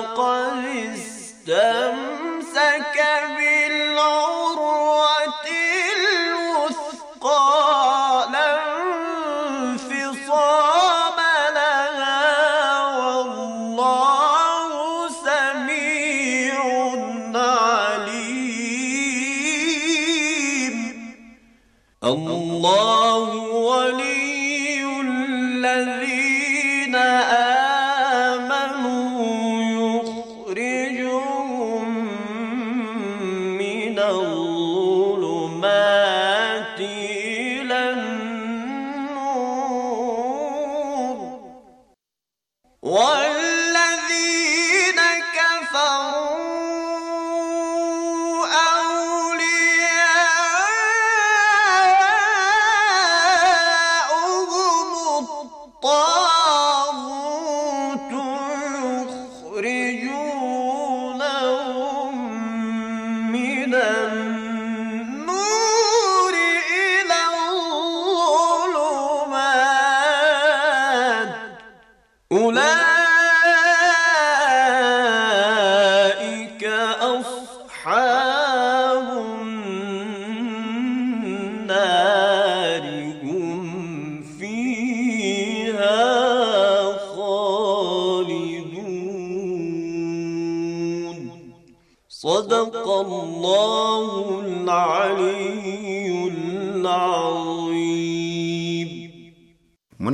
قلبي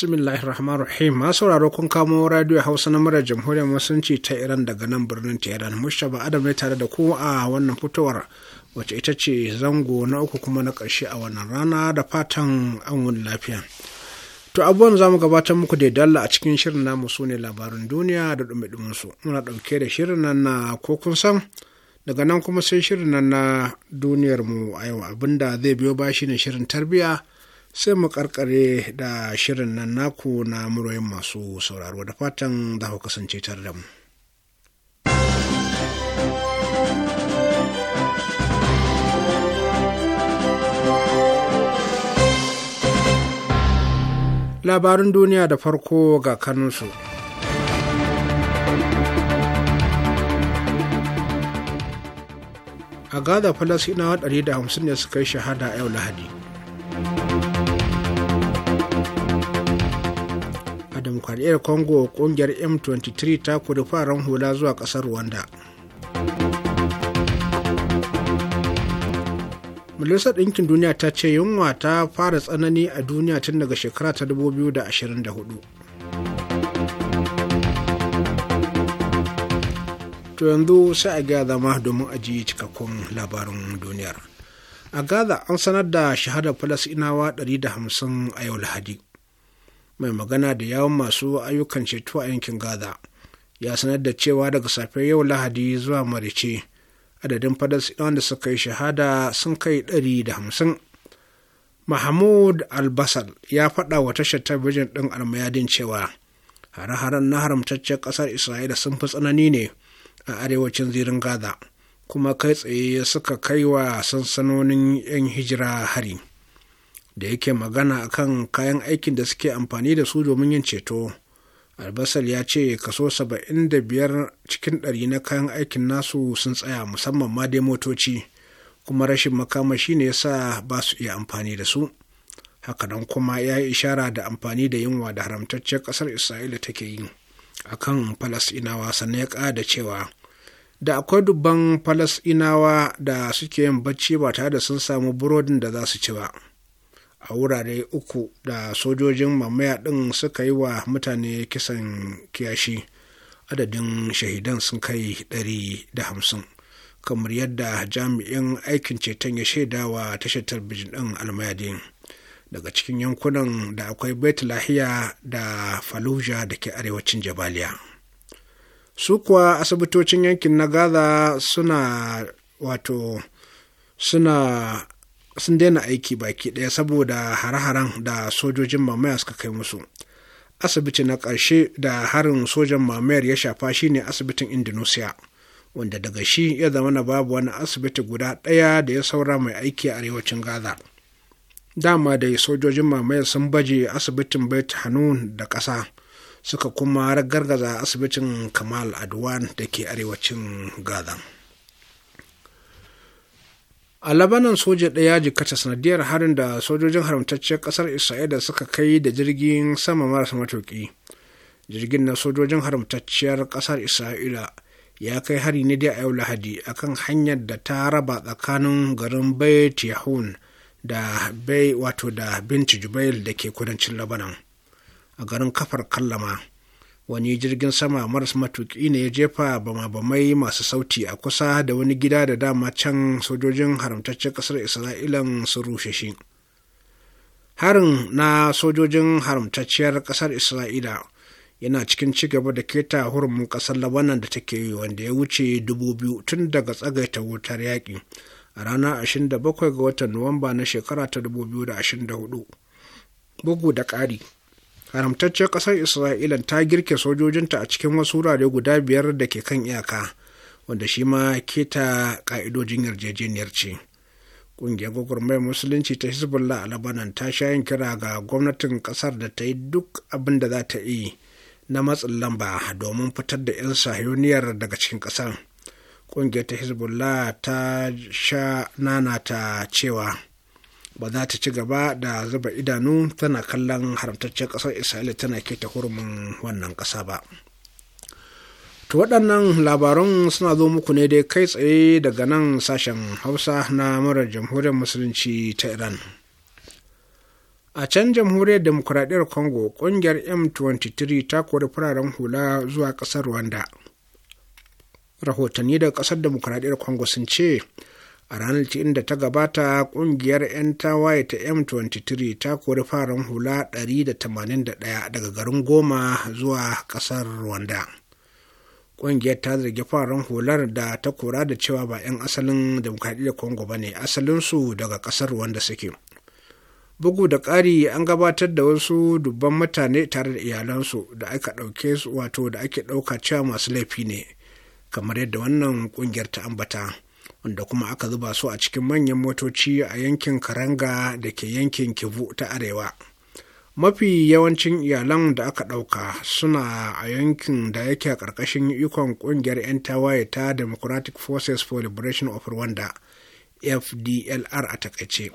bismillahir rahmanir rahim sauraro kun kamo radio hausa na murar jamhuriyar musulunci ta iran daga nan birnin tehran mushaba adam ne tare da ku a wannan fitowar wacce ita ce zango na uku kuma na ƙarshe a wannan rana da fatan an wani lafiya to abubuwan zamu gabatar muku da dalla a cikin shirin namu su ne labarin duniya da dumi su muna ɗauke da shirin nan na ko kun san daga nan kuma sai shirin nan na duniyar mu a yau abinda zai biyo ba ne shirin tarbiyya sai mu karkare da shirin nan naku na muryoyin masu sauraro da fatan za ku kasance tare da mu. Labarin duniya da farko ga kanunsu. A Gaza Falasina 150 ne suka yi shahada yau Lahadi. demokuraɗiyyar congo ƙungiyar m23 ta kuri faran hula zuwa ƙasar rwanda majalisar ɗinkin duniya ta ce yunwa ta fara tsanani a duniya tun daga shekara ta 2024 to yanzu sai a gaya zama domin ajiye cikakkun labarin duniyar a gaza an sanar da shahadar falasinawa 150 a yau lahadi mai magana da yawon masu ayyukan ceto a yankin gaza ya sanar da cewa daga safiyar yau lahadi zuwa marice adadin fadasiyan wanda suka yi shahada sun kai ɗari da hamsin. mahmud albasal ya faɗa wa tashar talabijin ɗin almayadin cewa hare-haren na haramtaccen ƙasar isra'ila sun fi tsanani ne a arewacin zirin gaza kuma kai tsaye suka kai wa sansanonin 'yan hijira hari da yake magana akan kayan aikin da suke amfani da su domin yin ceto albasal ya ce kaso 75 cikin ɗari na kayan aikin nasu sun tsaya musamman ma dai motoci kuma rashin makamashi ne sa ba su iya amfani da su hakanan kuma ya yi ishara da amfani da yunwa da haramtaccen ƙasar isra'ila take yi akan falasinawa sannan ya ƙada cewa da akwai dubban falasinawa da suke yin bacci ba tare da sun samu burodin da za su ci ba a wurare uku da sojojin mamaya ɗin suka yi wa mutane kisan kiyashi adadin shahidan sun kai ɗari da hamsin kamar yadda jami'in aikin ceton ya shaida wa tashar talbijin ɗin almayadin daga cikin yankunan da akwai bet lahiya da fallujah da ke arewacin jabaliya su kuwa asibitocin yankin na gaza suna wato suna sun daina aiki baki ɗaya saboda hare-haren da sojojin mamaya suka kai musu asibiti na ƙarshe da harin sojan mamayar ya shafa shine asibitin indonesia wanda daga shi ya zama na babu wani asibiti guda ɗaya da ya saura mai aiki a arewacin gaza dama da sojojin mamayar sun baje asibitin bait hanun da ƙasa suka kuma ragargaza asibitin kamal adwan da ke arewacin gaza. a labanan soja ɗaya ya jikata sanadiyar harin da sojojin haramtacciyar ƙasar isra'ila suka kai da jirgin sama marasa matuƙi jirgin na sojojin haramtacciyar ƙasar isra'ila ya kai hari ne dai a yau lahadi akan hanyar da ta raba tsakanin garin bayt yahun da bai wato da binci jubail da ke kudancin labanan a garin kafar kallama wani jirgin sama maras matuƙi ne ya jefa bama-bamai masu sauti a kusa da wani gida da dama can sojojin haramtaccen ƙasar isra'ilan sun rushe shi harin na sojojin haramtacciyar ƙasar isra'ila yana cikin ci gaba da keta hurumin ƙasar labanan da take yi wanda ya wuce dubu biyu tun daga tsagaita wutar yaƙi a ranar 27 ga watan nuwamba na shekara ta 2024 bugu da ƙari haramtaccen kasar isra'ila ta girke sojojinta a cikin wasu wurare guda biyar da ke kan iyaka wanda shi ma keta ƙa'idojin yarjejeniyar ce ƙungiyar gwagwarmayar musulunci ta hezbollah a labanan ta sha yin kira ga gwamnatin ƙasar da ta yi duk abin da za ta yi na matsin lamba domin fitar da 'yan sahiyoniyar daga cikin ƙasar ƙungiyar ta hezbollah ta sha nanata cewa ba za ta ci gaba da zuba idanu tana kallon haramtaccen ƙasar isra'ila tana keta hurumin wannan ƙasa ba to waɗannan labaran suna zo muku ne dai kai tsaye daga nan sashen hausa na marar jamhuriyar musulunci ta iran a can jamhuriyar demokuraɗiyar congo ƙungiyar m23 ta kori fararen hula zuwa ƙasar rwanda rahotanni daga ƙasar demokuraɗiyar congo sun ce a ranar cikin da ta gabata kungiyar 'yan tawaye ta m23 ta kori farin hula 181 daga garin goma zuwa kasar rwanda kungiyar ta zargi farin hular da ta kora da cewa ba 'yan asalin demokradiyyar congo ba ne asalinsu daga kasar rwanda suke bugu da ƙari an gabatar da wasu dubban mutane tare da iyalansu da aka ɗauke su wato da ake ɗauka cewa masu laifi ne kamar yadda wannan ƙungiyar ta ambata. wanda kuma aka zuba su a cikin manyan motoci a yankin karanga da ke yankin kivu ta arewa mafi yawancin iyalan da aka ɗauka suna a yankin da yake a ƙarƙashin ikon ƙungiyar 'yan tawaye ta democratic forces for liberation of rwanda fdlr a takaice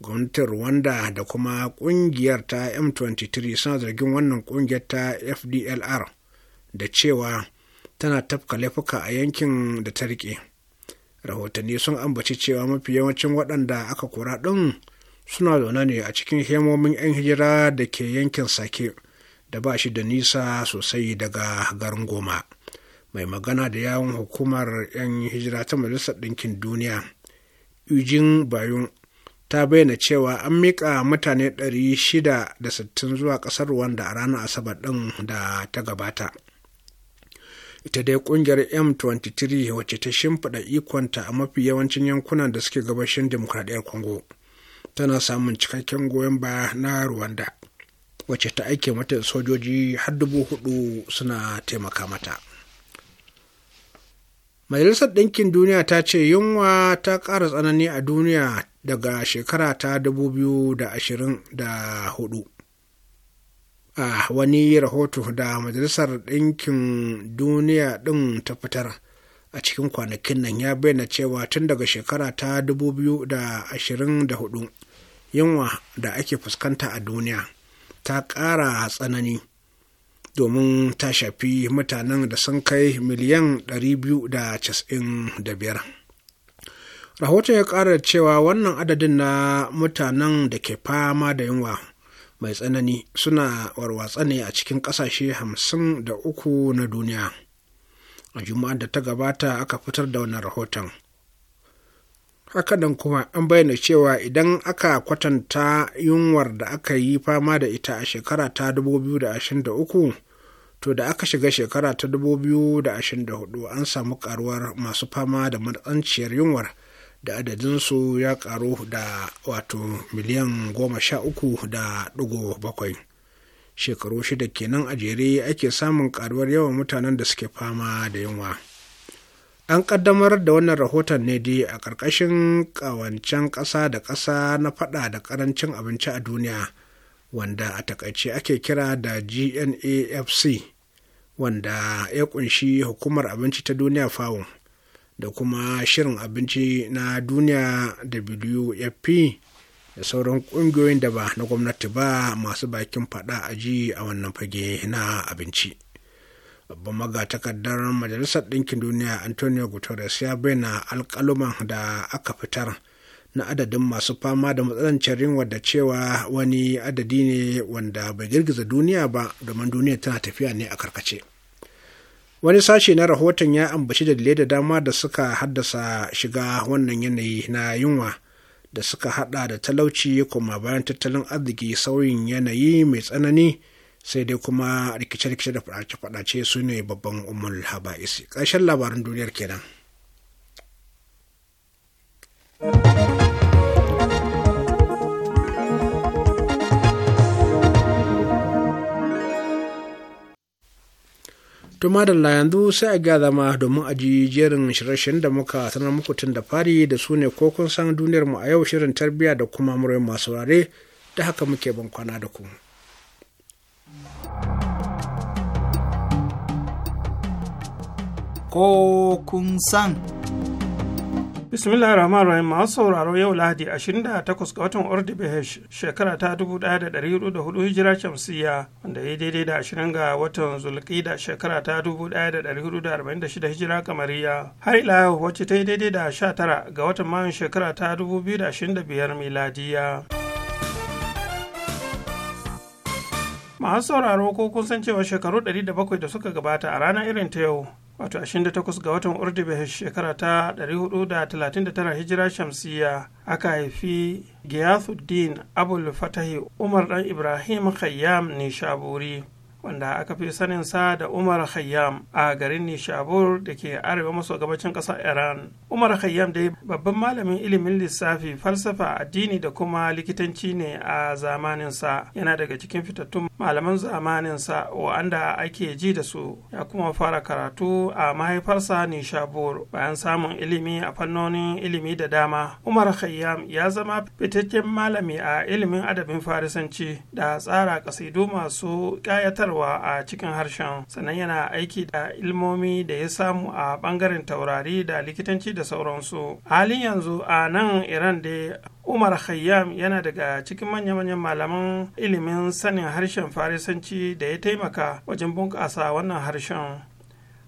gwamnatin rwanda da kuma ƙungiyar ta m23 suna zargin wannan ƙungiyar ta fdlr da cewa tana tafka laifuka a yankin da ta riƙe rahotanni sun ambaci cewa mafi yawancin waɗanda aka kora ɗin suna zaune ne a cikin hemomin 'yan hijira da ke yankin sake da ba shi da nisa sosai daga garin goma mai magana da yawon hukumar 'yan hijira ta majalisar ɗinkin duniya eugene bayon ta bayyana cewa an miƙa mutane 660 zuwa ƙasar wanda a ranar asabar ɗin da ta gabata ita dai kungiyar m23 wacce ta shimfiɗa ikonta a mafi yawancin yankunan da suke gabashin demokradiyyar congo tana samun cikakken goyon baya na rwanda wacce ta aike mata sojoji har dubu hudu suna taimaka mata majalisar ɗinkin duniya ta ce yunwa ta ƙara tsanani a duniya daga shekara ta 2024 a wani rahoto da majalisar ɗinkin duniya ɗin ta fitar a cikin kwanakin nan ya bayyana cewa tun daga shekara ta 2024 yunwa da ake fuskanta a duniya ta ƙara tsanani domin ta shafi mutanen da sun kai miliyan 295 rahoton ya ƙara cewa wannan adadin na mutanen da ke fama da yunwa mai tsanani suna warwatsa ne a cikin ƙasashe hamsin da uku na duniya a juma'ar da ta gabata aka fitar da wannan rahoton hakanan kuma an bayyana cewa idan aka kwatanta yunwar da aka yi fama da ita a shekara ta 2023 to da aka shiga shekara ta 2024 an samu karuwar masu fama da matsanciyar yunwar da adadinsu ya karu da wato miliyan goma sha uku da ɗigo bakwai shekaru shida kenan a jere ake samun karuwar yawan mutanen da suke fama da yunwa an kaddamar da wannan rahoton ne dai a ƙarƙashin ƙawancen ƙasa da ƙasa na faɗa da ƙarancin abinci a duniya wanda a takaice ake kira da gnafc wanda ya ƙunshi hukumar abinci ta duniya fawon da kuma shirin abinci na duniya wfp da sauran ƙungiyoyin da ba na gwamnati ba masu bakin fada a ji a wannan fage na abinci babban magatakardar majalisar ɗinkin duniya antonio guterres ya bayyana alƙaluman da aka fitar na adadin masu fama da matsalancin yunwa da cewa wani adadi ne wanda bai girgiza duniya ba domin duniya tana tafiya ne a karkace. wani sashe na rahoton ya ambaci dalilai da dama da suka haddasa shiga wannan yanayi na yunwa da suka hada da talauci kuma bayan tattalin arziki sauyin yanayi mai tsanani sai dai kuma rikice-rikice da fadace-fadace su ne babban umul haba'isi ƙarshen labarin duniyar kenan. To madalla yanzu sai a ga ma domin a ji jerin shirye da muka sanar muku tun da fari da su ne ko kun san duniyar mu a yau shirin tarbiyya da kuma murai masu rare da haka muke ban kwana da ku. Ko kun san. bismillahir rahmanir rahim masu sauraro yau lahadi 28 ga watan ordibehesh shekara ta 1404 hijira shamsiya wanda ya daidai da 20 ga watan zulqida shekara ta 1446 hijira kamariya har ila yau wacce ta yi daidai da 19 ga watan mayun shekara ta 2025 miladiya masu sauraro ko kun san cewa shekaru 107 da suka gabata a ranar irin ta yau wato 28 ga watan urdubahesh shekara ta 439 hijira shamsiya aka haifi giyathuddin abul fatahi umar dan ibrahim khayyam nishaburi wanda aka fi sanin sa da umar khayyam a garin nishabur da ke arewa maso gabacin ƙasar iran umar khayyam dai babban malamin ilimin lissafi falsafa addini da kuma likitanci ne a zamaninsa yana daga cikin fitattun malaman zamaninsa wa'anda ake ji da su ya kuma fara karatu a mahaifarsa nishabur bayan samun ilimi a fannonin ilimi da dama umar khayyam ya zama fitaccen malami a ilimin adabin farisanci da tsara kasidu masu ƙayatarwa koyarwa a cikin harshen sannan yana aiki da ilmomi da ya samu a bangaren taurari da likitanci da sauransu halin yanzu a nan iran da umar khayyam yana daga cikin manya-manyan malaman ilimin sanin harshen farisanci da ya taimaka wajen bunƙasa wannan harshen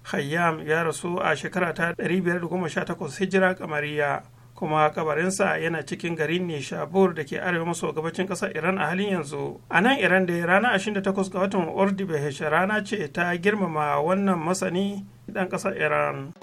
khayyam ya rasu a shekara ta 518 hijira kamariya kuma kabarinsa yana cikin garin Nishabur da ke arewa maso gabacin ƙasar Iran a halin yanzu. A nan Iran da rana 28 ga watan Ordibehesh rana ce ta girmama wannan masani ɗan ƙasar Iran.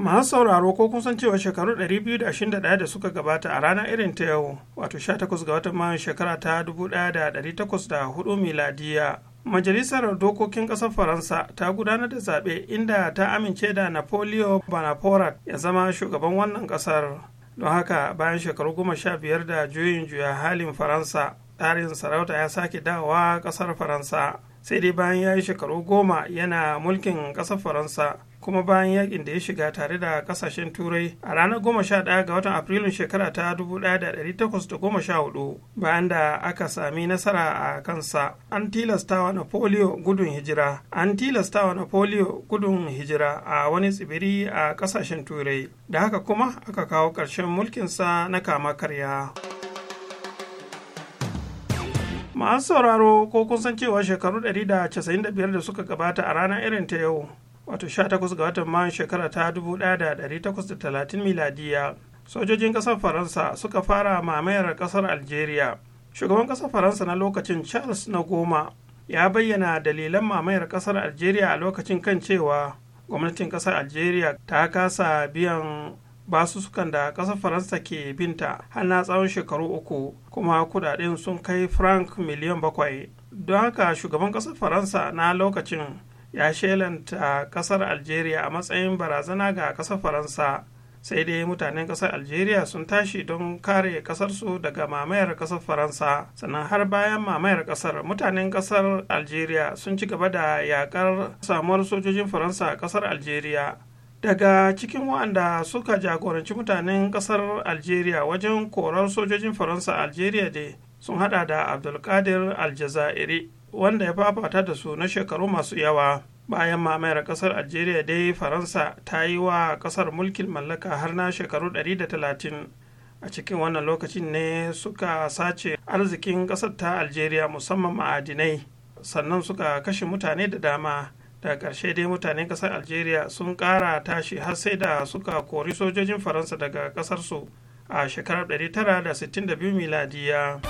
masu sauraro ko kun san cewa shekaru 221 da suka gabata a ranar irin ta yau wato 18 ga watan mayun shekara ta 1804 miladiya majalisar dokokin ƙasar faransa ta gudanar da zaɓe inda ta amince da napoleo bonaparte ya zama shugaban wannan ƙasar don haka bayan shekaru goma sha biyar da juyin juya halin faransa tsarin sarauta ya sake dawowa ƙasar faransa sai dai bayan ya yi shekaru goma yana mulkin ƙasar faransa kuma bayan yakin da ya shiga tare da kasashen turai a ranar 11 ga watan afrilun shekara ta 1814 bayan da aka sami nasara a kansa an tilastawa na polio gudun hijira an tilastawa na napoleon gudun hijira a wani tsibiri a kasashen turai da haka kuma aka kawo ƙarshen mulkinsa na kama karya. masu sauraro ko kun san cewa shekaru 195 da suka gabata a ranar irin ta yau wato 18 ga watan mayun shekara ta 1830 miladiya sojojin kasar faransa suka fara mamayar kasar algeria shugaban kasar faransa na lokacin charles na goma ya bayyana dalilan mamayar kasar algeria a lokacin kan cewa gwamnatin kasar algeria ta kasa biyan basussukan da kasar faransa ke binta har na tsawon shekaru uku kuma kudaden sun kai frank miliyan bakwai don haka shugaban kasar faransa na lokacin ya shelanta kasar algeria a matsayin barazana ga kasar faransa sai dai mutanen kasar algeria sun tashi don kare kasarsu daga mamayar kasar faransa sannan har bayan mamayar kasar mutanen kasar algeria sun ci gaba da yakar samuwar sojojin faransa a kasar algeria daga cikin waɗanda suka jagoranci mutanen kasar algeria wajen korar sojojin faransa algeria dai sun hada da abdulkadir aljazairi wanda ya fafata da su na shekaru masu yawa bayan mamayar kasar algeria dai faransa ta yi wa kasar mulkin mallaka har na shekaru 130 a cikin wannan lokacin ne suka sace arzikin kasar ta algeria musamman ma'adinai sannan suka kashe mutane da dama da ƙarshe dai mutanen ƙasar algeria sun ƙara tashi har sai da suka kori sojojin faransa daga ƙasarsu a shekarar 1962 miladiya.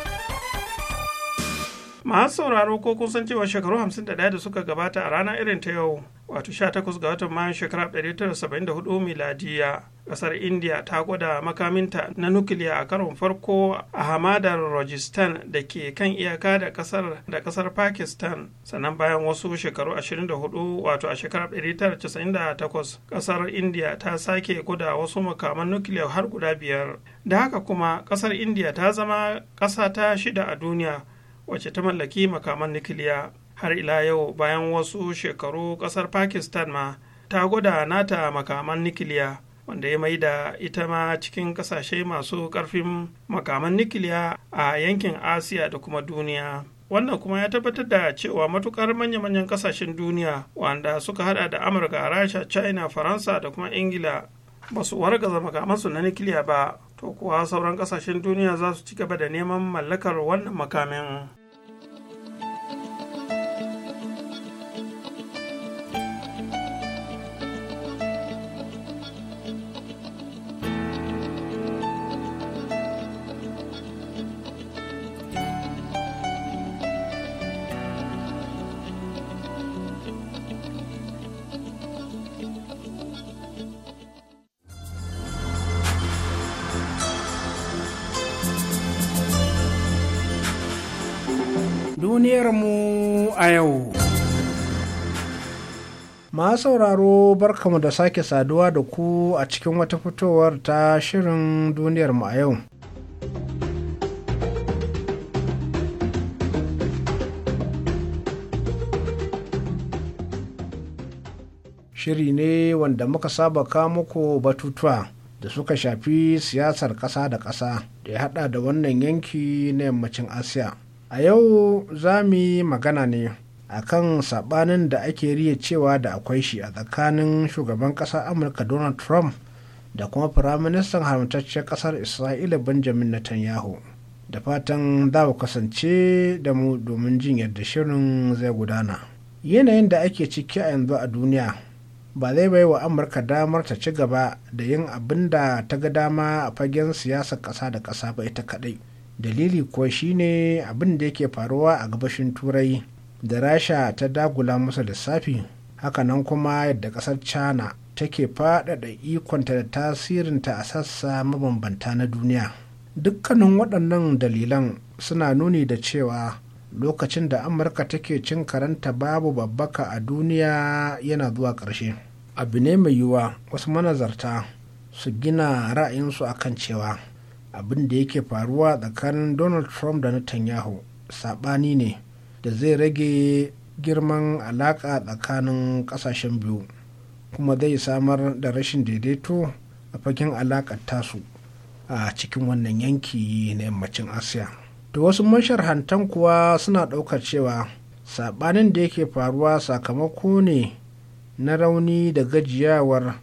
masu sauraro ko kun san cewa shekaru 51 da suka gabata a ranar irin ta yau wato 18 ga watan mayan shekara 1974 miladiya kasar india ta gwada makaminta na nukiliya a karon farko a hamadar rajasthan da ke kan iyaka da kasar da kasar pakistan sannan bayan wasu shekaru 24 wato a shekarar 1998 kasar india ta sake gwada wasu makaman nukiliya har guda biyar da haka kuma kasar india ta zama kasa ta shida a duniya wacce ta mallaki makaman nukiliya? har ila yau bayan wasu shekaru kasar pakistan ma ta gwada nata makaman nukiliya, wanda ya mai da ita ma cikin kasashe masu karfin makaman nukiliya a yankin asiya da kuma duniya wannan kuma ya tabbatar da cewa matukar manya-manyan kasashen duniya wanda suka hada da amurka rasha china faransa da kuma ingila ba su wargaza makamansu na nukiliya ba to kuwa sauran kasashen duniya za su ci gaba da neman mallakar wannan makamin. duniyarmu a yau. Ma sauraro barkamu da sake saduwa da ku a cikin wata fitowar ta shirin duniyarmu a yau. Shiri ne wanda muka saba kamuku batutuwa da suka shafi siyasar ƙasa da ƙasa da ya haɗa da wannan yanki na yammacin Asiya. a yau za mu yi magana ne a kan saɓanin da ake riya cewa da akwai shi a tsakanin shugaban ƙasar amurka donald trump da kuma firaministan haramtacciyar ƙasar isra'ila benjamin netanyahu da fatan za ku kasance da mu domin jin yadda shirin zai gudana yanayin da ake ciki a yanzu a duniya ba zai bai wa amurka damar ta ci gaba da yin abin da ta ga dama a fagen siyasar ƙasa da ƙasa ba ita kaɗai dalili kuwa shine abin da yake faruwa a gabashin turai da rasha ta dagula masa lissafi hakanan kuma yadda kasar china take faɗaɗa ikonta da tasirinta a sassa mabambanta na duniya dukkanin waɗannan dalilan suna nuni da cewa lokacin da amurka take cin karanta babu babbaka a duniya yana zuwa ƙarshe abu ne mai yiwuwa wasu manazarta su gina ra'ayinsu akan cewa abin da yake faruwa tsakanin donald trump da netanyahu sabani ne da zai rage girman alaka tsakanin kasashen biyu kuma zai samar da rashin daidaito a fagen alakar tasu a cikin wannan yanki na yammacin asiya da wasu masharhantan kuwa suna ɗaukar cewa sabanin da yake faruwa sakamako ne na rauni da gajiyawar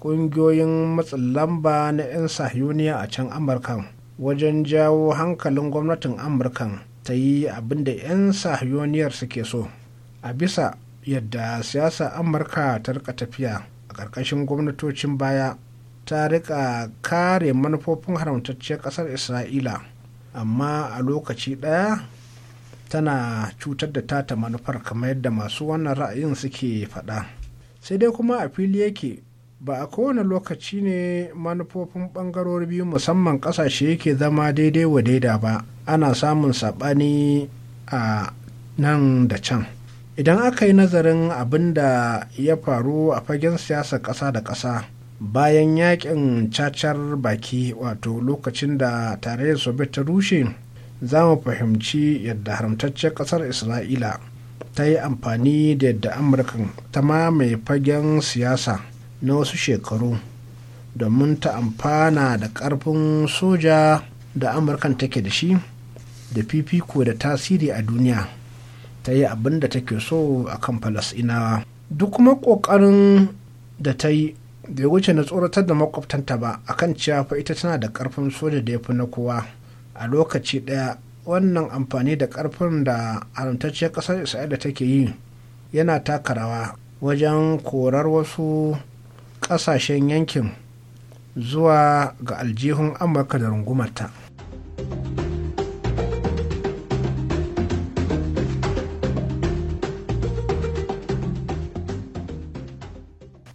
ƙungiyoyin matsin lamba na 'yan sahiyuniya a can Amurka, wajen jawo hankalin gwamnatin Amurka, ta yi abin da 'yan sahiyoniyar suke so a bisa yadda siyasa amurka ta rika tafiya a ƙarƙashin gwamnatocin baya ta rika kare manufofin haramtacciyar ƙasar isra'ila amma a lokaci ɗaya tana cutar da tata manufar kamar yadda masu wannan ra'ayin suke faɗa sai dai kuma a fili yake ba a kowane lokaci ne manufofin bangarori biyu musamman kasashe yake zama daidai wa daida ba ana samun saɓani a nan da can idan aka yi nazarin abin da ya faru a fagen siyasar ƙasa da ƙasa bayan yakin cacar baki wato lokacin da tarayyar soviet ta rushe za mu fahimci yadda haramtaccen ƙasar isra'ila ta yi amfani da yadda amurkan ta mamaye fagen siyasa na wasu shekaru domin ta amfana da ƙarfin soja da amurkan take da shi da fifiko da tasiri a duniya ta yi abin da take so a kan falasinawa duk kuma ƙoƙarin da ta yi bai wuce na tsoratar da makwabtanta ba akan cewa fa ita tana da ƙarfin soja da ya fi na kowa a lokaci ɗaya wannan amfani da ƙarfin da haramtacciyar ƙasar isra'ila take yi yana taka rawa wajen korar wasu ƙasashen yankin zuwa ga aljihun amurka da rungumarta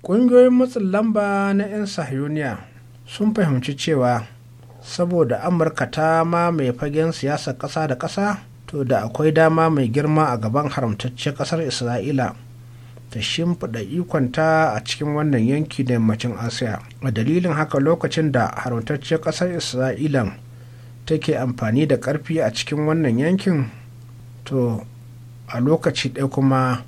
ƙungiyoyin matsin lamba na 'yan sahiyoniya sun fahimci cewa saboda amurka ta ma mai fagen siyasar ƙasa da ƙasa to da akwai dama mai girma a gaban haramtacce ƙasar isra'ila ta shimfiɗa ikonta a cikin wannan yanki da yammacin asiya a dalilin haka lokacin da haramtacciyar ƙasar isra'ila take amfani da ƙarfi a cikin wannan yankin to a lokaci ɗaya kuma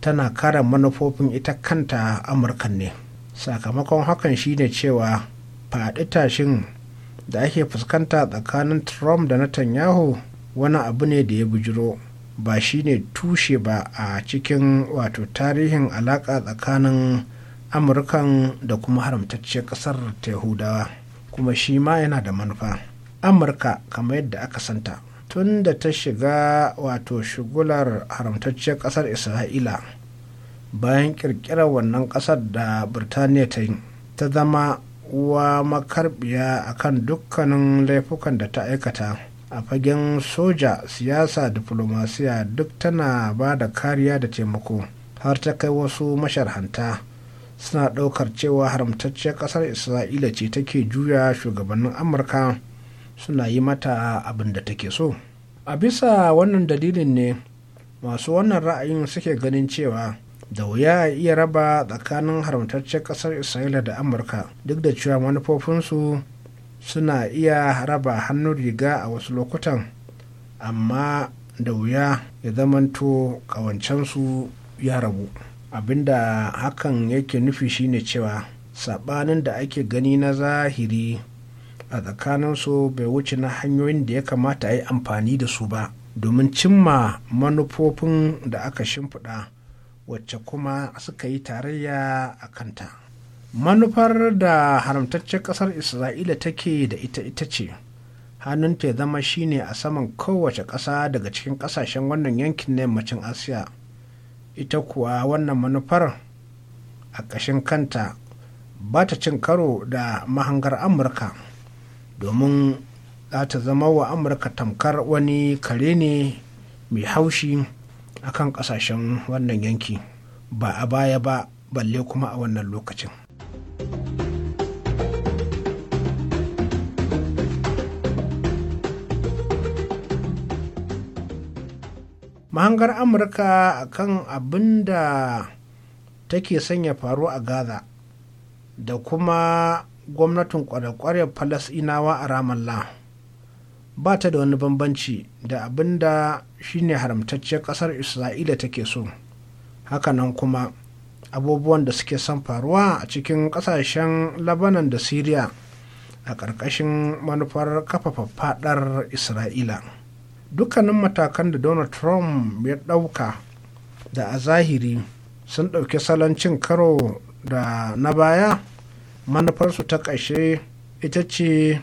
tana kara manufofin ita kanta amurkan ne sakamakon hakan shine cewa faɗi tashin da ake fuskanta tsakanin trump da netanyahu wani abu ne da ya bujiro ba shine tushe ba a cikin wato tarihin alaƙa tsakanin amurkan da kuma haramtacciyar ƙasar ta yahudawa kuma shi ma yana da manufa amurka kamar yadda aka santa tun da ta shiga wato shigular haramtacciyar ƙasar isra'ila bayan ƙirƙirar wannan ƙasar da birtaniya ta yi ta zama wa makarbiya akan dukkanin laifukan da ta aikata a fagen soja siyasa diplomasiya duk tana ba da kariya da taimako har ta kai wasu masharhanta suna ɗaukar cewa haramtacciyar ƙasar isra'ila ce take juya shugabannin amurka suna yi mata abin da take so a bisa wannan dalilin ne masu wannan ra'ayin suke ganin cewa da wuya a iya raba tsakanin haramtacciyar ƙasar isra'ila da amurka duk da cewa manufofinsu suna iya raba hannun riga a wasu lokutan amma da wuya ya zamanto ƙawancensu ya rabu abinda hakan yake nufi shine cewa saɓanin da ake gani na zahiri a tsakaninsu bai wuce na hanyoyin da ya kamata a yi amfani da su ba domin cimma manufofin da aka shimfiɗa wacce kuma suka yi tarayya a kanta manufar da haramtaccen ƙasar isra'ila take da ita ita ce hannunta ya zama shine a saman kowace ƙasa daga cikin ƙasashen wannan yankin na yammacin asiya ita kuwa wannan manufar a ƙashin kanta ba ta cin karo da mahangar amurka domin za ta zama wa amurka tamkar wani kare ne mai haushi akan ƙasashen wannan yanki ba a baya ba balle kuma a wannan lokacin mahangar amurka akan abin da take sanya faru a gaza da kuma gwamnatin kwarekwarewar falasinawa a ramallah ba ta da wani bambanci da abin da shine haramtacciyar kasar isra'ila take so hakanan kuma abubuwan da suke son faruwa a cikin kasashen labanan da syria a ƙarƙashin manufar kafa faɗar isra'ila dukkanin matakan da donald trump ya ɗauka da a zahiri sun ɗauki salon cin karo da na baya manufarsu ta ƙashe ita ce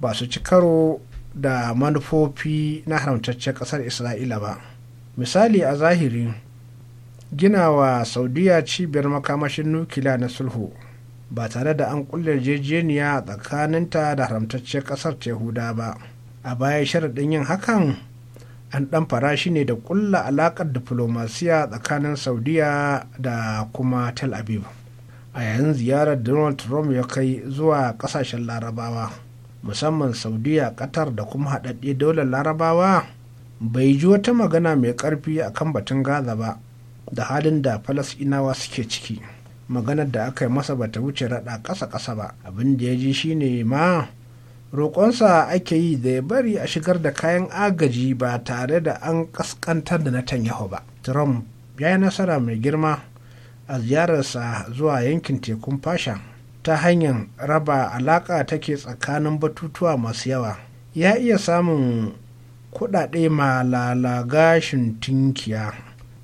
ba su ci karo da manufofi na haramtacce ƙasar isra'ila ba misali a zahiri gina wa saudiya cibiyar makamashin nukiliya na sulhu ba tare da an kulle yarjejeniya tsakaninta da haramtacce ƙasar yahuda ba a baya sharaɗin yin hakan an ɗan farashi ne da ƙulla alaƙar diflomasiya tsakanin saudiya da kuma tel aviv a yayin ziyarar donald trump ya kai zuwa ƙasashen larabawa musamman saudiya qatar da kuma haɗaɗɗe daular larabawa bai ji wata magana mai ƙarfi a kan batun gaza ba da halin da falasinawa suke ciki maganar da aka yi masa bata wuce raɗa ƙasa-ƙasa ba abin da ya ji shine ma roƙonsa ake yi da ya bari a shigar da kayan agaji ba tare da an ƙasƙantar da Netanyahu ba. Trump ya yi nasara mai girma a ziyararsa zuwa yankin tekun fasha ta hanyar raba alaƙa take tsakanin batutuwa masu yawa. Ya iya samun kuɗaɗe malala gashin tinkiya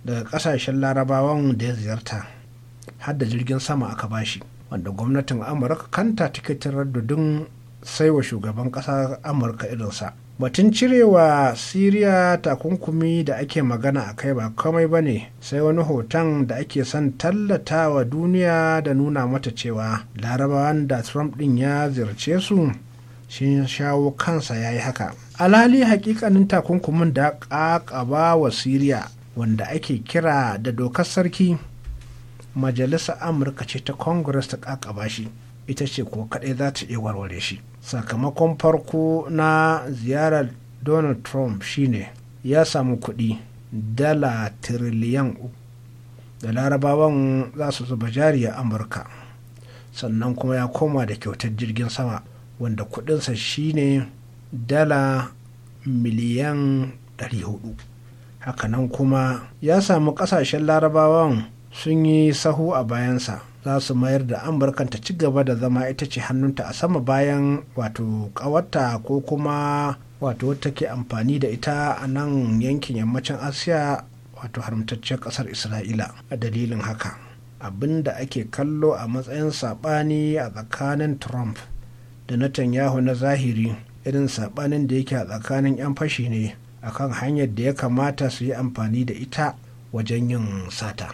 daga ƙasashen larabawan da ya ziyarta har da jirgin sama aka bashi wanda gwamnatin amurka kanta tikitin raddudin sai wa shugaban ƙasa amurka irinsa batun cirewa siriya takunkumi da ake magana a kai ba komai ba ne sai wani hoton da ake son tallata wa duniya da nuna mata cewa larabawan da trump ɗin ya ziyarce su sun shawo kansa ya yi haka alhali hakikanin takunkumin da ƙaƙaba wa siriya wanda ake kira da dokar sarki majalisar amurka ce ta congress ta ƙaƙaba shi ita ce ko kaɗai za ta iya warware shi sakamakon farko na ziyarar donald trump shine ya samu kuɗi dala tiriliyan da larabawan za su zuba jari a amurka sannan kuma ya koma da kyautar jirgin sama wanda kudinsa shine dala miliyan 400 hakanan kuma ya samu kasashen larabawan sun yi sahu a bayansa za su mayar da amurkan ta ci gaba da zama ita ce hannunta a sama bayan wato kawata ko kuma wato wata ke amfani da ita a nan yankin yammacin asiya wato haramtacciyar kasar isra'ila a dalilin haka abin da ake kallo a matsayin saɓani a tsakanin trump da na yahu na zahiri irin saɓanin da yake a tsakanin 'yan fashi ne akan hanyar da ya kamata su yi amfani da ita wajen yin sata.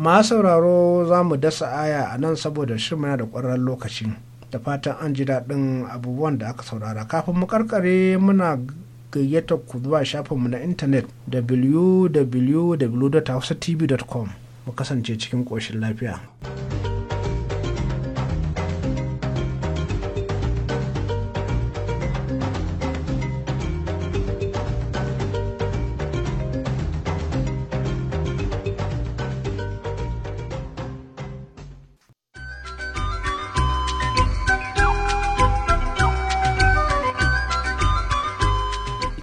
ma sauraro za mu dasa aya a nan saboda shirma da ƙwararren lokaci da fatan an ji daɗin abubuwan da aka saurara kafin mu karkare muna gayyata ku zuwa shafinmu na intanet www.hausatv.com mu kasance cikin koshin lafiya.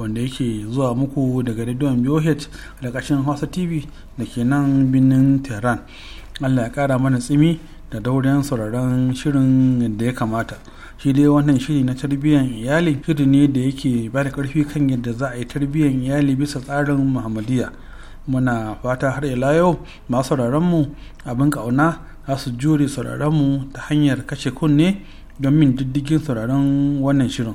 wanda yake zuwa muku daga rediyon BOH da kashin Hausa TV da ke nan birnin Tehran. Allah ya kara mana tsimi da daurin sauraron shirin da ya kamata. Shi dai wannan shiri na tarbiyyar iyali shiri ne da yake ba da karfi kan yadda za a yi tarbiyyar iyali bisa tsarin Muhammadiyya. Muna fata har ila yau masu sauraronmu abin kauna za su jure sauraronmu ta hanyar kashe kunne don min diddigin sauraron wannan shirin.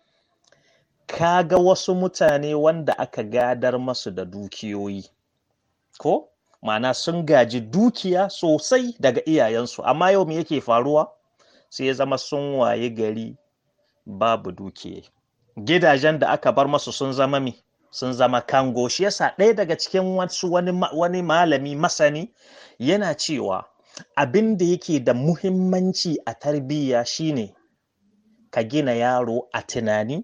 ka ga wasu mutane wanda aka gadar masu da dukiyoyi ko ma'ana sun gaji dukiya sosai daga iyayensu amma yau me yake faruwa sai ya zama sun waye gari babu dukiya gidajen da aka bar masu sun zama mi sun zama kango shi yasa ɗaya daga cikin wasu wani, wani malami masani yana cewa abin da yake da muhimmanci a tarbiyya shine ka gina yaro a tunani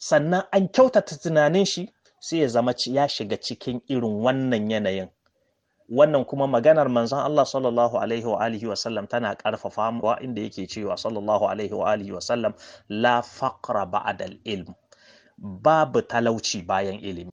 sannan an kyautata tunanin shi sai ya zama ya shiga cikin irin wannan yanayin wannan kuma maganar manzon Allah sallallahu alaihi wa alihi wa sallam tana karfafa wa inda yake cewa sallallahu alaihi wa alihi wa sallam la faqra ba'da al-ilm babu talauci bayan ilimi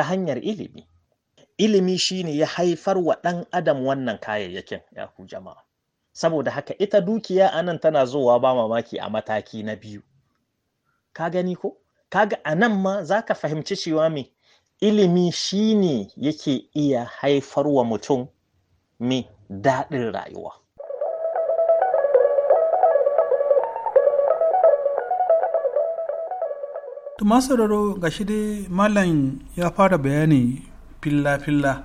ta hanyar ilimi ilimi shine ya haifar wa ɗan adam wannan kayayyakin ya ku jama'a saboda haka ita dukiya a nan tana zuwa ba mamaki a mataki na biyu ka gani ko ga a nan ma za ka fahimci cewa me ilimi ne yake iya haifar wa mutum me daɗin rayuwa to masu sauraro ga shi dai malam ya fara bayani filla-filla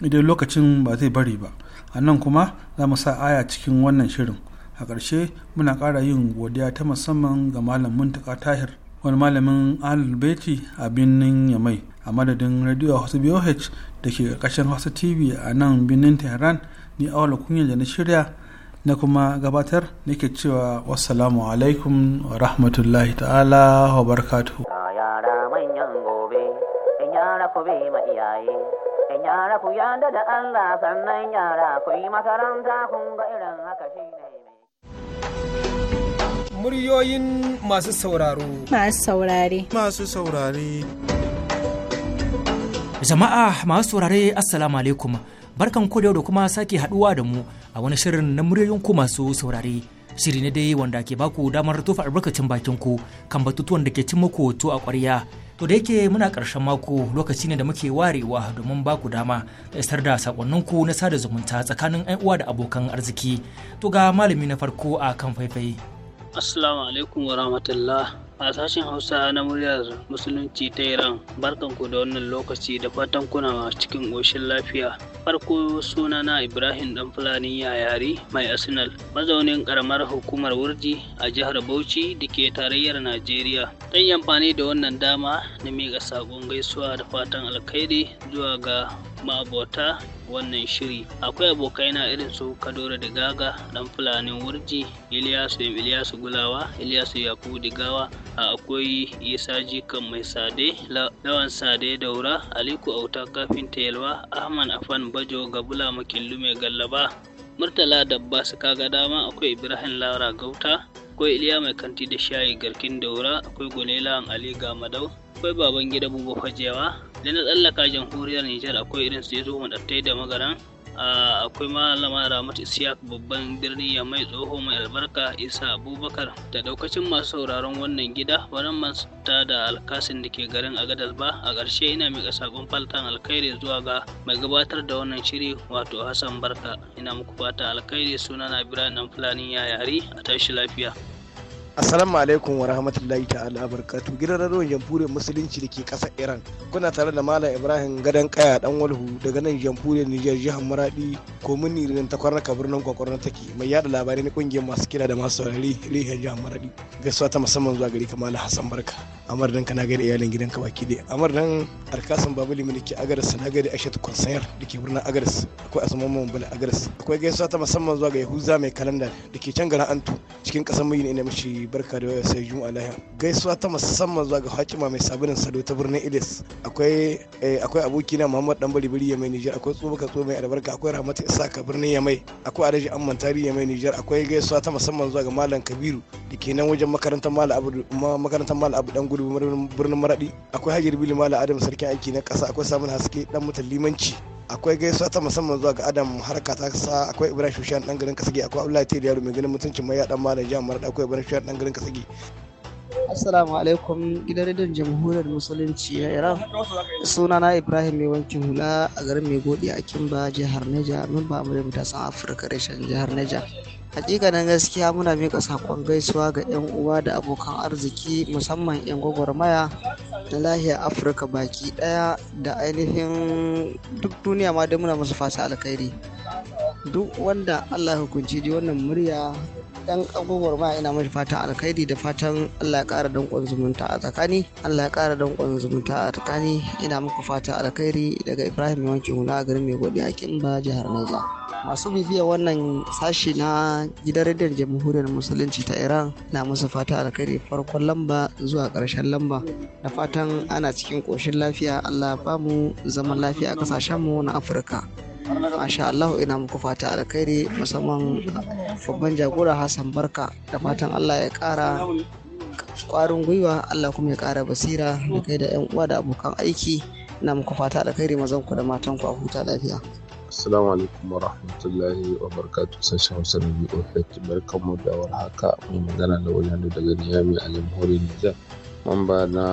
idan lokacin ba zai bari ba a nan kuma za mu sa aya cikin wannan shirin a ƙarshe muna ƙara yin godiya ta musamman ga malam muntaka tahir wani malamin albeti a birnin yamai a madadin radio hausa boh da ke ƙarƙashin hausa tv a nan birnin tehran ni awala kunya da na shirya na kuma gabatar nake cewa wassalamu alaikum wa rahmatullahi ta'ala wa barkatu. yara manyan gobe yara ku bi ma iyaye in ku da Allah sannan yara ku makaranta kun ga muryoyin masu sauraro masu saurare masu saurare jama'a masu saurare assalamu alaikum barkan ku da kuma sake haduwa da mu a wani shirin na muryoyin ku masu saurare shiri na dai wanda ke baku damar tofa albarkacin bakin ku kan batutuwan da ke cin muku to a ƙwarya to da yake muna karshen mako lokaci ne da muke warewa domin baku dama da isar da ku na sada zumunta tsakanin ƴan uwa da abokan arziki to ga malami na farko a kan faifai assalamu alaikum wa a sashen hausa na muryar musulunci ta iran barkan ku da wannan lokaci da fatan kuna cikin ƙoshin lafiya farko suna na ibrahim dan fulani yayari mai arsenal mazaunin karamar hukumar wurji a jihar bauchi da ke tarayyar najeriya dan yi amfani da wannan dama na miƙa saƙon gaisuwa da fatan alkhairi zuwa ga mabota wannan shiri akwai abokai na irin su kadoro da gaga dan fulani wurji iliyasu iliyasu gulawa iliyasu yakubu digawa akwai isa jikan mai sade lawan sade daura aliku auta kafin yalwa ahman afan bajo gabula makillu mai gallaba murtala dabba su kaga dama akwai ibrahim laura gauta akwai iliya mai kanti da shayi garkin daura akwai gulela ali gamadau akwai baban gida buba fajewa da na tsallaka jamhuriyar nijar akwai irin su yazo madattai da magaran akwai malama ramatu isiyak babban birni ya mai tsoho mai albarka isa abubakar da daukacin masu sauraron wannan gida wannan masta da alkasin da ke garin a agadas ba a ƙarshe ina miƙa saƙon faltan alkhairi zuwa ga mai gabatar da wannan shiri wato hassan barka ina muku fata alkhairi sunana na fulani ya yari a tashi lafiya Assalamu alaikum wa rahmatullahi ta'ala barkatu gidan radon jamhuriyar musulunci da ke kasa Iran. Kuna tare da Malam Ibrahim gadon Kaya dan Walhu daga nan jamhuriyar Nijar jihar Maradi komini da ta kwarnaka birnin kwakwarna take mai yada labarai na kungiyar masu kira da masu saurari rihiyar jihar Maradi. Gaisuwa ta musamman zuwa gari kamar Hassan Barka. amar dan kana gari iyalin gidanka baki dai amar dan alkasan babali mu dake agaris na gaida aisha konsayar dake birnin agaris akwai asaman mun bala agaris akwai gaisuwa ta musamman zuwa ga yahuza mai kalanda dake can garin antu cikin kasar mai ne mishi barka da sai juma'a lahiya gaisuwa ta musamman zuwa ga hakima mai sabirin sado ta birnin ilis akwai eh, akwai abokina muhammad dan balibiri ya mai nijar akwai tsobaka tso mai albarka akwai rahmatu ka birnin yamai akwai adaji amman tari ya mai nijar akwai gaisuwa ta musamman zuwa ga malam kabiru dake nan wajen makarantar malam abu makarantar malam abu dan guru birnin maradi akwai hajjar bili mala adam sarkin aiki na kasa akwai samun haske dan mutan limanci akwai gaisuwa ta musamman zuwa ga adam harka ta kasa akwai ibrahim shushan dan garin kasage akwai abdullahi tedi yaro mai ganin mutuncin mai yadan mala jihar maradi akwai ibrahim shushan dan garin kasage Assalamu alaikum gidan rediyon jamhuriyar musulunci na Iran. Sunana Ibrahim mai wankin hula a garin mai godi a Kimba jihar Neja, mun ba mu da matasan Afirka reshen jihar Neja. hakikanin gaskiya muna mika sakon gaisuwa ga 'yan uwa da abokan arziki musamman 'yan gwagwarmaya na lahiyar afirka baki ɗaya da ainihin duk duniya ma dai muna musu fasa alkhairi duk wanda allah hukunci wannan murya ɗan abubuwar ma ina mashi fata alkhairi da fatan Allah ya kara dankon zumunta a tsakani Allah ya kara dankon zumunta a tsakani ina muku fata alkhairi daga Ibrahim Yawanki Huna a garin Mai a Kimba jihar neza. masu bibiya wannan sashi na gidan rediyon jamhuriyar musulunci ta iran na musu fata alkhairi farkon lamba zuwa ƙarshen lamba da fatan ana cikin koshin lafiya allah bamu zaman lafiya a ƙasashenmu na afirka masha Allah ina muku fata alkhairi musamman babban jagora Hassan Barka da fatan Allah ya ƙara kwarin gwiwa Allah kuma ya kara basira da kai da 'yan uwa da abokan aiki ina muku fata alkhairi mazan ku da matan ku a huta lafiya. Assalamu alaikum wa rahmatullahi wa barakatu sashen Hausa na BOH barkan mu da warhaka mu magana da wani daga Niyami a jamhuriyar Nijar. Mamba na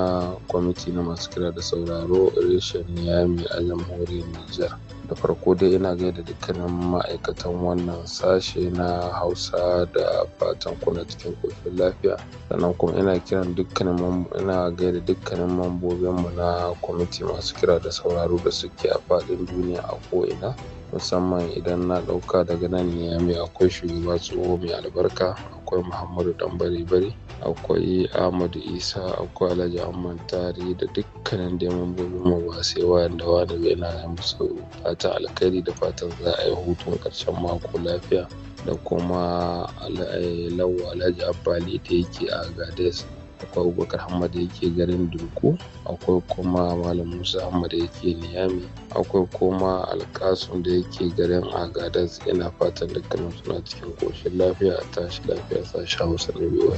kwamiti na masu kira da sauraro reshen Niyami a jamhuriyar Nijar. da farko dai ina gaida dukkanin ma'aikatan wannan sashe na hausa da fatan kuna cikin kofin lafiya sannan kuma ina kiran dukkanin ina gaida dukkanin mambobinmu na kwamiti masu kira da sauraro da suke a faɗin duniya a ko ina musamman idan na ɗauka daga nan mai akwai shugaba tsoho mai albarka akwai muhammadu dan bari akwai ahmadu isa akwai alhaji ahmad tari da dukkanin da mambobin mu ba sai wanda wani bai na yi musu fatan alkhairi da fatan za a yi hutun karshen mako lafiya da kuma eh, alhaji abbali da yake a gades akwai abubakar hamad da yake garin durko akwai kuma malam musa hamad da yake niyami akwai kuma alkasun da yake garin agadas ina fatan dukkanin suna cikin koshin lafiya a tashi lafiya sashi hausa da boh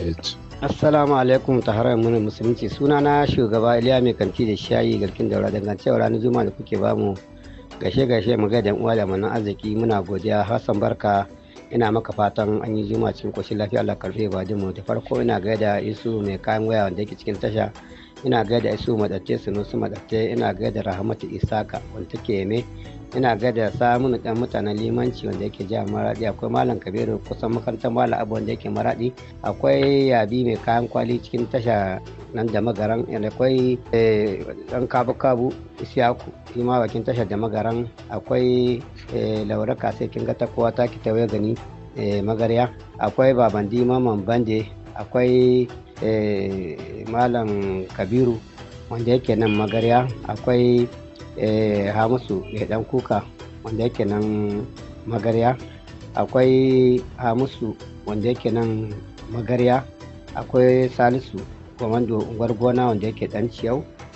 assalamu alaikum taharar munin musulunci suna na shugaba iliya mai kanti da shayi garkin daura dangancewa ranar juma'a da kuke bamu gashe gashe mu ga uwa da manan arziki muna godiya hassan barka ina maka fatan an yi juma cikin koshin lafiya Allah karfe ba jimu da farko ina gaida isu mai kayan waya wanda yake cikin tasha ina gaida isu madatte sunusu madatte ina gaida rahmatu isaka wanda take yeme ina gada samun dan mutanen limanci wanda yake jihar maradi akwai malam kabiru kusan makarantar malam abu wanda yake maradi akwai yabi mai kayan kwali cikin tasha nan da magaran akwai dan eh, kabu kabu isiyaku shi ma bakin tashar da magaran akwai eh, laura sai kin ga ta kowa ta ki tawaye gani eh, magarya akwai baban dima bande akwai malam kabiru wanda yake nan magarya akwai hamisu eh, ya dan kuka wanda yake nan magarya akwai hamisu wanda yake nan magarya akwai salisu kwamando unguwar gona wanda yake dan ciyau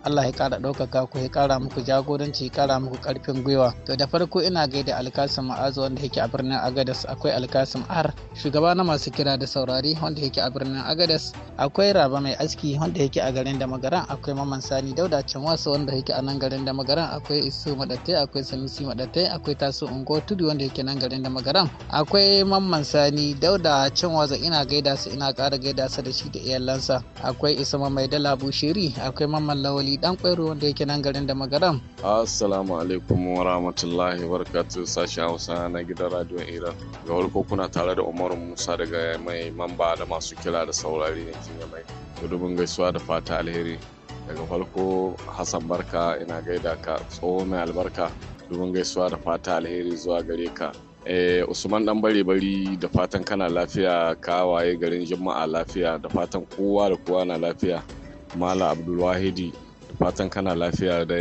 Allah ya kara ɗaukaka ku ya kara muku jagoranci ya kara muku karfin gwiwa to da farko ina gaida alkasim ma'azu wanda yake a birnin agadas akwai alkasim ar shugaba na masu kira da saurari wanda yake a birnin agadas akwai raba mai aski wanda yake a garin da magaran akwai maman sani dauda wasu wanda yake a nan garin da magaran akwai isu madatai akwai sanusi madatai akwai tasu ungo tudu wanda yake nan garin da magaran akwai mamman sani dauda wasu ina gaida su ina kara gaida su da shi da iyalansa akwai isa mai dala bushiri akwai maman lawali Ali Dan Kwairo wanda yake nan garin da magaram. Assalamu alaikum wa rahmatullahi wa barakatuh sashen Hausa na gidan Radio Iran. Ga farko kuna tare da Umaru Musa daga mai mamba da masu kira da saurari ne kin mai. Gudubin gaisuwa da fata alheri. Daga farko Hassan Barka ina gaida ka tsoho mai albarka. Gudubin gaisuwa da fata alheri zuwa gare ka. Eh, usman dan bare bari da fatan kana lafiya ka waye garin juma'a lafiya da fatan kowa da kowa na lafiya mala abdulwahidi fatan kana lafiya da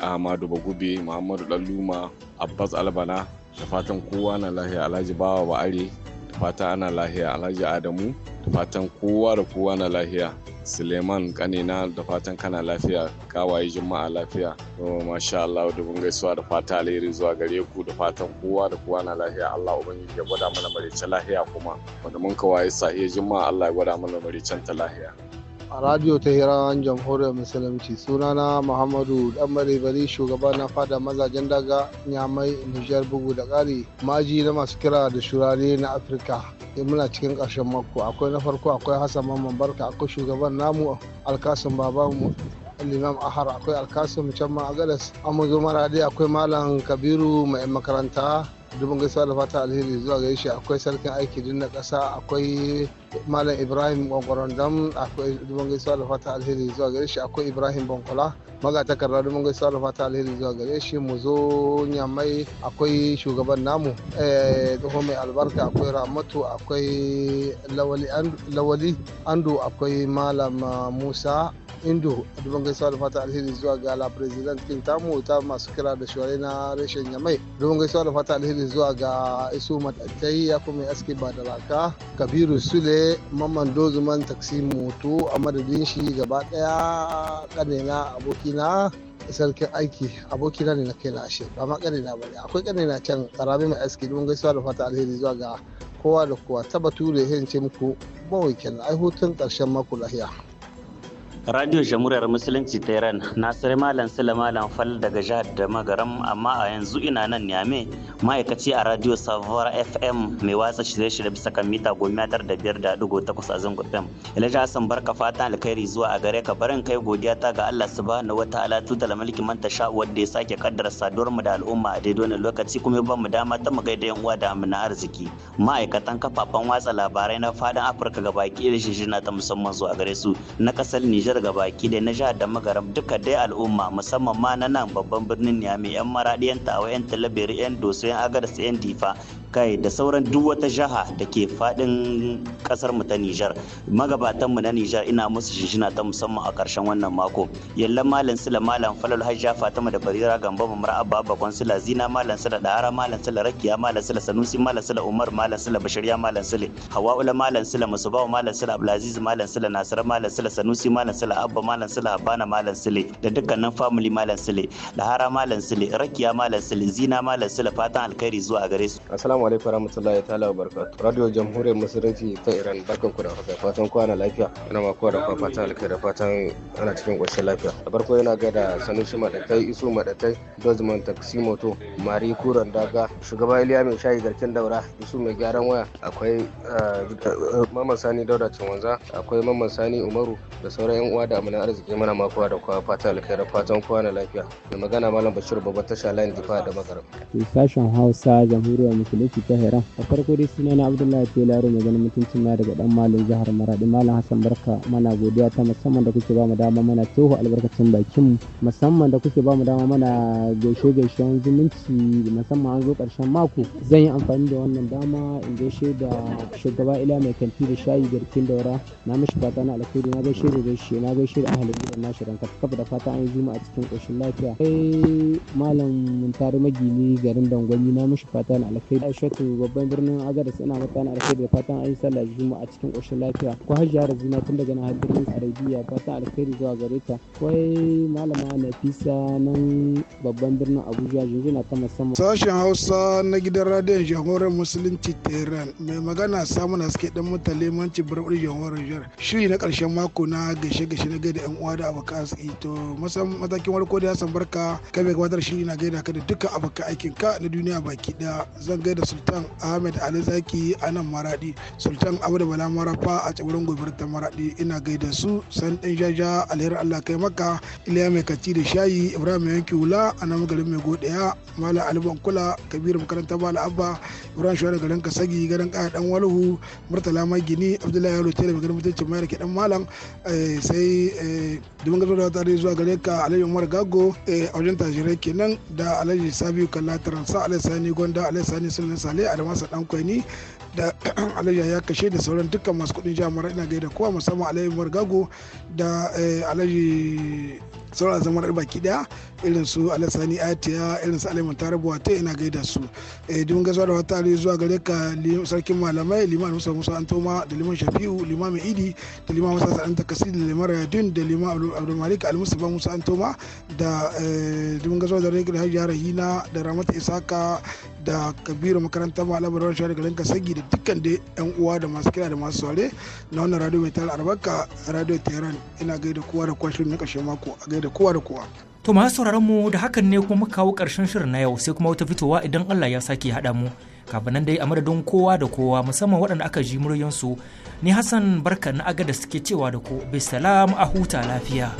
ahmadu bagube muhammadu ɗanluma abbas albana da fatan kowa na lahiya alhaji bawa Ba'ari. da fatan ana lahiya alhaji adamu da fatan kowa da kowa na lahiya suleiman kanina da fatan kana lafiya kawaye jima'a lafiya to masha Allah da mun gaisuwa da fata alheri zuwa gare ku da fatan kowa da kowa na lafiya Allah ubangiji ya gwada mana maricin lafiya kuma wanda mun kawaye sahiya jima'a Allah ya gwada mana maricin ta lafiya a radio ta hiran jamhuriyar musulunci sunana muhammadu dan bari shugaba na fada mazajen daga nyamai nijar bugu da ƙari maji na masu kira da shurare na afirka eh, muna cikin ƙarshen mako akwai na farko akwai hassan mamman barka akwai shugaban namu alkasin babanmu limam ahar akwai alkasim can ma agadas an mu akwai malam kabiru mai makaranta dubin gaisuwa da fata alheri zuwa gare shi akwai sarkin aiki din na ƙasa akwai malam ibrahim gwangwaron dam akwai dubin gaisuwa da fata alheri zuwa gare shi akwai ibrahim bankola magatakarda dubin gaisuwa da fata alheri zuwa gare shi mu zo nyamai akwai shugaban namu eh, tsoho mai albarka akwai ramatu akwai lawali andu akwai malam ah, musa indo dubban gaisuwa da fata alheri zuwa ga la president king tamu ta masu kira da shuwarai na reshen yamai dubban gaisuwa da fata alheri zuwa ga isu matattai ya kuma aski ba da laka kabiru sule mamman dozuman taksi moto a madadin shi gaba daya kanina abokina sarkin aiki abokina ne na kai na ashe ba ma kanina ba ne akwai kanina can karami mai aski don gaisuwa da fata alheri zuwa ga kowa da kowa ta bature hin ce muku bon weekend ai hutun karshen mako lahiya Radio Jamhuriyar Musulunci ta Iran na Malam Sule Malam Fal daga jihar da Magaram amma a yanzu ina nan Niamey ma'aikaci a Radio Savoir FM mai watsa shirye-shirye bisa kan mita goma tar da biyar da dugo takwas a zango FM. Ilaja Hassan barka fata alkhairi zuwa a gare ka barin kai godiya ta ga Allah su subhanahu da tutal mulki man sha'u wanda ya sake kaddara saduwar mu da al'umma a daidai wannan lokaci kuma ya bamu dama ta mu gaida yan uwa da mu arziki. Ma'aikatan kafafen watsa labarai na faɗin Afirka gabaki da shirye na ta musamman zuwa gare su na kasar Nijar Nijar baki da na jihar da magaram duka dai al'umma musamman ma na nan babban birnin Niamey yan maradi yan tawa yan talabiri yan doso yan agarsa yan difa kai da sauran duk wata jaha da ke fadin kasar mu ta Nijar magabatan mu na Nijar ina musu shishina ta musamman a karshen wannan mako yalla malam sula malam falal hajja fatima da barira gamba mamar abba bakon Sula. zina malam Sula, dahara malam Sula, rakiya malam Sula, sanusi malam Sula, umar malam Sula, bashariya malam sila hawa'ula malam Sula, musuba malam Sula, abdulaziz malam Sula, nasir malam Sula, sanusi malam Sula, abba malam Sula, habana malam sula da dukkanin family malam sila dahara malam sula rakiya malam sula zina malam Sula, fatan alkhairi zuwa gare su Assalamu alaikum warahmatullahi ta'ala wabarakatuh. Radio Jamhuriyar Musulunci ta Iran barkan ku da haka fatan kwana lafiya. Ina ma kowa da kwa fatan alkai da fatan ana cikin ƙoshin lafiya. Da farko yana ga da Sanusi Madatai, Isu Madatai, Dozman moto Mari Kuran Daga, Shugaba Iliya Mai Shayi Garkin Daura, Isu Mai Gyaran Waya, akwai eh, Mamman Sani Dauda Cinwanza, akwai Mamman Sani Umaru da sauran 'yan uwa da amina arziki mana ma kowa da kwa fatan alkai da fatan kwana lafiya. Da magana Malam Bashir Babban Tasha Layin Difa da Magaram. Sashen Hausa Jamhuriyar Musulunci musulunci ta Iran. a farko dai suna na Abdullahi laro mai ganin mutuncin na daga dan Malam Jihar Maradi Malam Hassan Barka mana godiya ta musamman da kuke ba mu dama mana toho albarkacin bakin musamman da kuke ba mu dama mana gaishe gaishen zumunci musamman an zo karshen mako zan yi amfani da wannan dama in gaishe da shugaba ila mai kanti da shayi garkin daura na mishi fata na alkhairi na gaishe da gaishe na gaishe da ahalin gidan nashi ranka kafa da fata an yi zuma a cikin koshin lafiya kai malam muntari magini garin dangwani na mishi fata na alkhairi Shatu babban birnin Agadas suna maka na alkhairi da fatan an yi sallah juma'a cikin ƙoshin lafiya ko hajiya Razina tun daga nan birnin Arabiya fatan alkhairi zuwa gare ta akwai malama Nafisa nan babban birnin Abuja jinjina ta musamman sashen Hausa na gidan radiyon jamhuriyar musulunci Tehran mai magana samun haske dan mutale manci birnin jamhuriyar Jihar shiri na ƙarshen mako na gashe gashe na gaida yan uwa da abokan arziki to matakin warko da ya san barka kai mai gabatar shiri na gaida ka da dukkan abokan aikin ka na duniya baki daya zan gaida sultan ahmed ali zaki a nan maradi sultan abu da bala marafa a tsibirin gobir ta maradi ina gaida su san ɗan jaja alherin allah kai maka iliya mai kaci da shayi ibrahim yanki wula a nan garin mai godiya mala alban kula kabiru makaranta bala abba ibrahim shawara garin kasagi garin kaya dan walhu murtala mai gini abdullahi yaro tele mai garin mutuncin mayar ke dan malam eh, sai eh, domin gazo da tare zuwa gare ka alhaji umar gago eh, a wajen tajirai kenan da alhaji sabiu kalla sa alhaji sani gwanda alhaji sani sunan Sale ɗan Dankwani da alayya ya kashe da sauran dukkan masu kudin jami'ar ina gaida kowa musamman alayyar margago da eh, alayyi sauran zamar baki daya irin su alasani atiya irin su alaiman tarabu wata ina gaida su eh, dun gazuwa da wata alayyar zuwa gare ka sarkin malamai liman musa musa antoma da liman shafi'u liman mai idi da liman musa sa'an kasi da liman rayadun da liman abdulmalik almusufa musa antoma da eh, dun gazuwa da rege da hajji rahina da ramata isaka da kabiru makarantar malamar rawar shari'a garin kasagi da dukkan da yan uwa da masu kira da masu saurare na wannan radio mai tara albarka radio tehran ina gaida kowa da kowa shirin na ƙarshen mako a gaida kowa da kowa. to masu sauraron mu da hakan ne kuma muka kawo ƙarshen shirin na yau sai kuma wata fitowa idan allah ya sake haɗa mu kafin nan dai a madadin kowa da kowa musamman waɗanda aka ji muryansu ni hassan barka na aga da suke cewa da ku bisalam a huta lafiya.